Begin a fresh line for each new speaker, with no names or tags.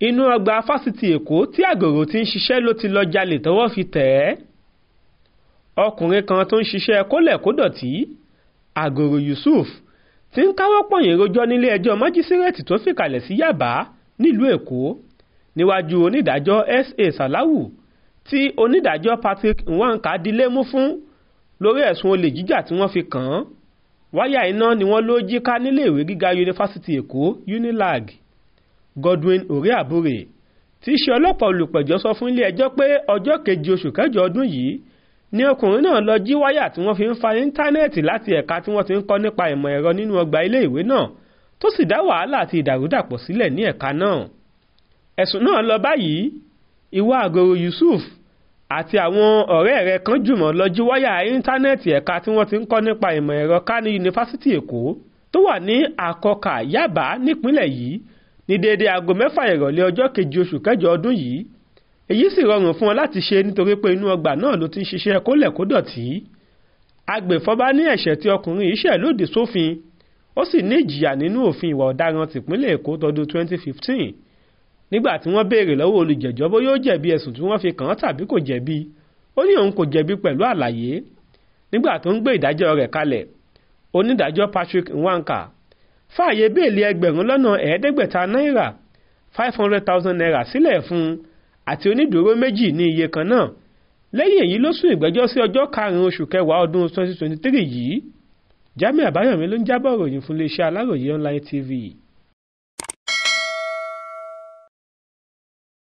inú ọgbà fásitì èkó tí àgòrò ti ń ṣiṣẹ́ ló ti lọ jalè tọ́wọ́ fi tẹ̀ ẹ́ ọkùnrin kan tó ń ṣiṣẹ́ kólẹ̀kódọ̀tí àgòrò yusuf ti ń káwọ́ pọ̀nyìn rojọ́ nílé ẹjọ́ májísírẹ́ẹ̀tì tó fìkàlẹ̀ sí yàbá nílùú èkó níwájú onídàájọ́ sa salawu tí onídàájọ́ patrick nwanka dilé mú fún lórí ẹ̀sùn olè jíjà tí wọ́n fi kàn án wáyà iná ni wọ́n ló jí ká níléèwé gíga yunifásitì èkó unilag Godwin Oriabure tí í ṣe ọlọ́pàá olùpẹ̀jọ́ sọ fún ilé-ẹjọ́ pé ọjọ́ kejì oṣù kẹjọ ọdún yìí ni ọkùnrin náà lọ jí wáyà tí wọ́n fi ń fa íńtánẹ́ẹ̀tì láti ẹ̀ka tí wọ́n ti ń kọ́ nípa ìmọ̀ ẹ̀rọ nínú ọgbà ilé-ìwé náà tó sì dá wàhálà àti ìdàrúdàpọ̀ sílẹ̀ ní ẹ̀ka náà ẹ̀sùn náà lọ báyìí ìwọ àgòrò Yusuf àti àwọn ọ̀rẹ́ rẹ̀ kan jùmọ̀ lọ jí wáyà íńtánẹ́ẹ̀tì ẹ̀ka tí wọ́n ti ń kọ́ nípa ìmọ̀ ẹ̀rọ ká ní yunifásitì Èkó tó wà ní Àkọkà Yábà nípínlẹ̀ yìí ní déédé aago mẹ́fà ìrọ̀lẹ́ ọjọ́ kejì oṣù kẹjọ ọdún yìí èyí sì rọrùn fún wọn láti ṣe nítorí pé inú ọgbà náà ló ti ń ṣiṣẹ́ kólẹ̀kódọ̀tì agbèfọ́ba ní ẹ̀ṣẹ̀ tí ọkùnrin yìí ṣẹ̀ lòdì sófin ó sì ní ìjìyà nínú òfin ìwà ọ̀daràn tìpínlẹ̀ èkó tọdún 2015 nígbà tí wọ́n béèrè lọ́wọ́ olùjẹ̀jọ́ bó yóò jẹ̀bi ẹ̀sùn tí wọ́n fi kàn án tàbí kò jẹ̀bi ó ní òun kò jẹ̀bi pẹ̀lú àlàyé nígbà tó ń gbé ìdájọ́ rẹ̀ kalẹ̀ onídàájọ́ Patrick Nwanka fààyè béèlì ẹgbẹ̀rún lọ́nà ẹ̀ẹ́dẹ́gbẹ̀ta náírà five hundred thousand naira sílẹ̀ fún un àti onídùúró méjì ní iye kan náà lẹ́yìn èyí ló sún ìgbẹ́jọ́ sí ọjọ́ karùn-ún oṣù kẹwàá ọdún twenty twenty three yìí Jamiu Àbáyọ̀mí ló ń jábọ̀ ròyìn fún iléeṣẹ́ Aláròyé online tv.